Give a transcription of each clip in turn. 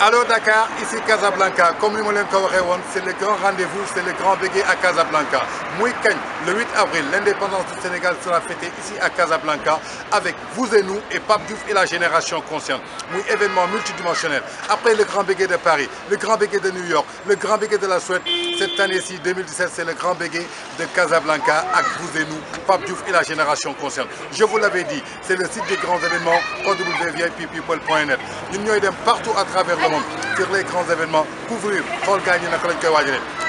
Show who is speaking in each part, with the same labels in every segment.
Speaker 1: Allô Dakar, ici Casablanca. Comme vous le dit, c'est le grand rendez-vous, c'est le grand bégué à Casablanca. le 8 avril, l'indépendance du Sénégal sera fêtée ici à Casablanca avec vous et nous et Pape Diouf et la génération consciente. oui événement multidimensionnel. Après le grand bégué de Paris, le grand bégué de New York, le grand bégué de la Suède, cette année-ci, 2017, c'est le grand bégué de Casablanca avec vous et nous, Pape Diouf et la génération consciente. Je vous l'avais dit, c'est le site des grands événements www.vippeople.net. Nous est partout à travers affaire le monde sur les grands événements couvrir xool gars ñi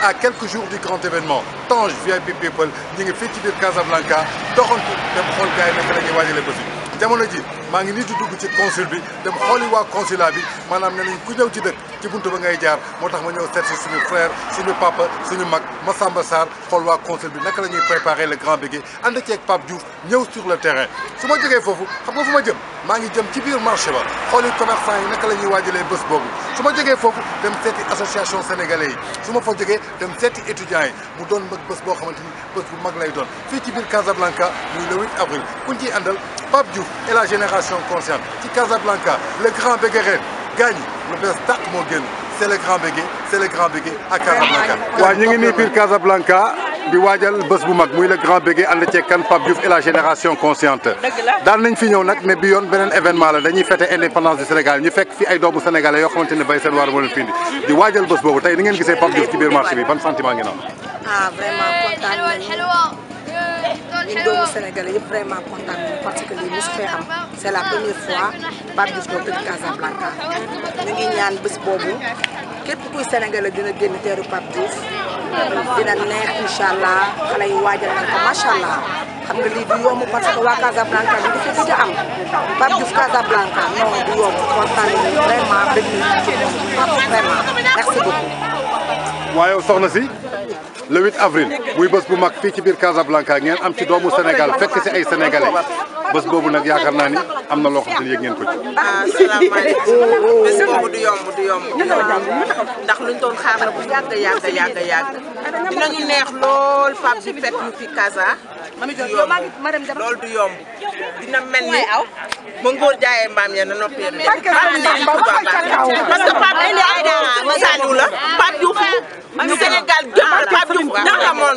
Speaker 1: à quelques jours du grand événement Tange VIP People ñu ngi fii ci Casablanca doxantu dem xool gars yi naka la ñuy jamono ji maa ngi nii di ci consul bi dem xoli wa consulat bi manam nañ ku ñëw ci dëkk ci buntu ba ngay jaar motax ma ñëw setti suñu frère suñu papa suñu mag Massamba Sarr xol wa consul bi nak lañuy préparer le grand bégué ci ak pap Diouf ñew sur le terrain suma ma fofu xam nga fuma jëm maa ngi jëm ci biir marché ba xoli commerçant yi naka lañuy ñuy bëss bobu suma su fofu dem setti association sénégalais yi su fa jógee dem setti étudiants yi mu doon mag bëss bo xamanteni bëss bu mag lay doon fi ci biir Casablanca muy le 8 avril kuñ ci andal Pape Diouf et la génération consciente ci Casablanca le grand Bégué gagne. Le lu bees c'est le grand Bégué c'est le grand Bégué à Casablanca. Oui, ñu ngi nii biir Casablanca di waajal bés bu mag muy le grand Bégué ànd ceeg kan Pape Diouf et la génération consciente. daan nañ fi ñëw nag mais bi yoon beneen événement la dañuy fêter indépendance du Sénégal ñu fekk fi ay doomu sénégalais yoo xamante ne bay seen waar moo leen fi indi di waajal bés boobu tey ni ngeen gisee Pape Diouf ci biir marché bi ban sentiment ngeen
Speaker 2: ah vraiment kontaan ñun doomu Sénégalais yëpp vraiment kontaan nañu parce que lii mosu fee am la première fois Pape Diouf doon tëdd Casablanca ñu ngi ñaan bés boobu képp kuy Sénégalais dina génn teeru Pape Diouf dina neex incha allah xale yi waajal nañ ko macha allah xam nga lii du yomb parce waa Casablanca du fi gëj a am Pape Diouf Casablanca non du vraiment bëgg nañu ci
Speaker 1: moom le 8 avril muy bës bu mag fii ci biir Casablanca ngeen am ci doomu Sénégal fekk si ay sénégalais bës boobu nag yaakaar naa ni am na loo xam yëg ngeen ko ci.
Speaker 2: asalaamaaleykum bés boobu du yomb du yomb du yomb ndax luñ doon xaar la bu yàgg yàgg yàgg yàgg dinañu mbaam ya na noppee parce que Pape ay ne ay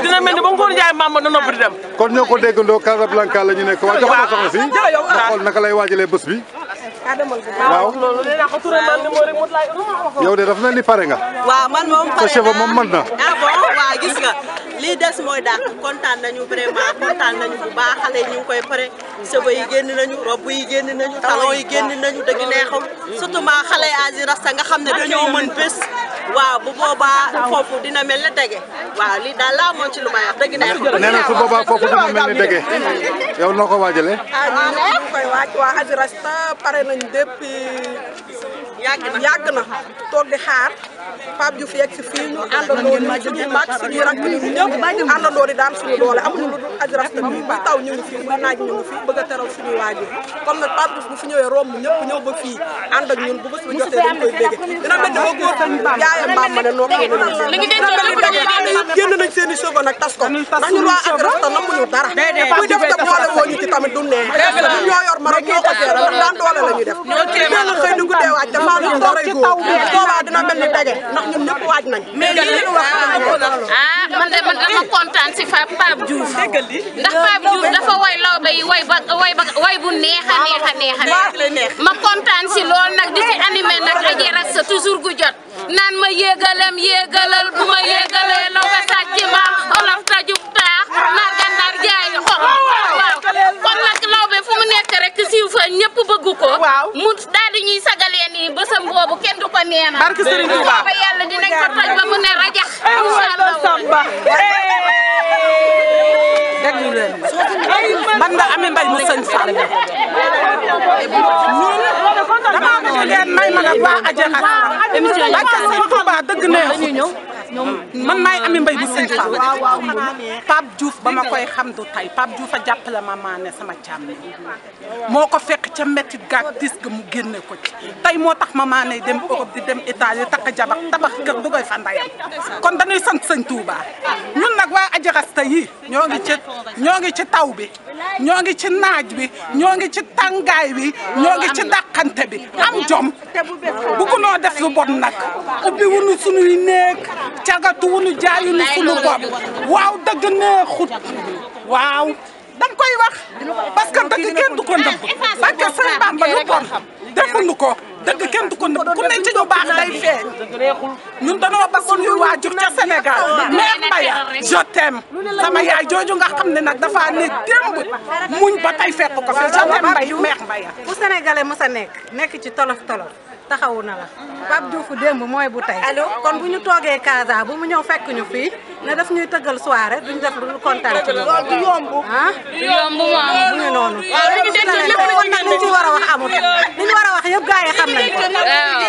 Speaker 2: dina mel ni ba Ngor Ndiaye maam ma na noppi di dem.
Speaker 1: kon ñoo ko déggandoo Casablanca la ñu nekk waaye jox a soxna si nga xool yow de dafa mel ni pare nga.
Speaker 2: waaw man moom pare naa sa cheveu moom man na. ah bon waaw gis nga lii des mooy dàq kontaan nañu vraiment kontaan nañu bu baax xale yi ñu ngi koy pare cheveux yi génn nañu robe yi génn nañu talon yi génn nañu dëgg neexul surtout ma xale yi Rasta nga xam ne dañoo mën bés. waa bu boobaa foofu dina mel na dege waaw lii daal laa moon ci lu may wax dëgg neex su boobaa foofu dina mel ne dege
Speaker 1: yow noo ko waajalee
Speaker 2: ah ñu koy waaj waa Agirasta pare nañ depuis yàgg na yàgg na toog di xaar Pape Diouf yegg si fii ñu àndandoo di suñuy mag suñuy rakk ñu ñëpp àndandoo di daan suñu doole amuñu lu dul Adji Rasta bi bu taw ñu fii bu naaj ñu fii bëgg a teral suñuy waajur comme nag Pape Diouf bu fi ñëwee romb ñëpp ñëw fii ànd ak ñun bu bés ba jotee dañ koy bégge dina mel ni ba góor yaayam maam ma ne noo ko nag génn nañ seen i sëba nag tas ko ndax ñun waa Adji Rasta nammuñu dara kuy def te boole Touba lu toog ci taw bi Touba dina mel ni daje ndax ñun ñëpp waaj nañ mais lii leen wax ah man de man dama kontaan si fa Pape Diouf ndax Pape Diouf dafa way lawbe yi way ba way ba way bu neex a neex a a ma kontaan si lool nag di si animé nag Adji Rass toujours gu jot naan ma yéegalam yéegalal bu ma jaxas émission yi ak sama xabaar dëgg neexu Ah, man maay Amy Mbaye bu Sëñ Fall Pape Diouf ba ma koy xam du tey Pape Diouf a jàppale ma maa ne sama càmmi moo ko fekk ca métti gaag tis ga mu génne ko ci moo tax ma maa ne dem Europe di dem Italie takk jabax tabax kër du koy fa ndayam kon dañuy sant Sëñ Touba ñun nag waa ajarasta yi ñoo ngi ci ñoo ngi ci taw bi ñoo ngi ci naaj bi ñoo ngi ci tàngaay bi ñoo ngi ci dàqante bi am jom bu ko noo def lu bon nag ubbi sunuy néeg cagatuwunu jaayunu sunu bopp waaw dëgg neexut waaw dañ koy wax parce que dëgg kenn du ko ah, nëbb parce que lu bon defuñu ko dëgg kenn du ko nëbb ku ne ci ñu baax day feeñ ñun danoo ba suñuy waajur ca Sénégal mais Mbaya je t'aime sama yaay jooju nga xam ne nag dafa ne démb muñ ba tey fekk ko fi je t'aime Mbay meex Mbaya bu Sénégalais mës a nekk nekk ci tolof tolof taxawu na la Pape Diouf démb mooy bu tey kon bu ñu toogee Casa bu mu ñëw fekk ñu fii ne daf ñuy tëggal soirée duñ def lu kontaan ci loolu du yomb ah du yomb moom bu ñu noonu kontaan li ñu war a wax amul li war a wax yëpp gars yi xam nañ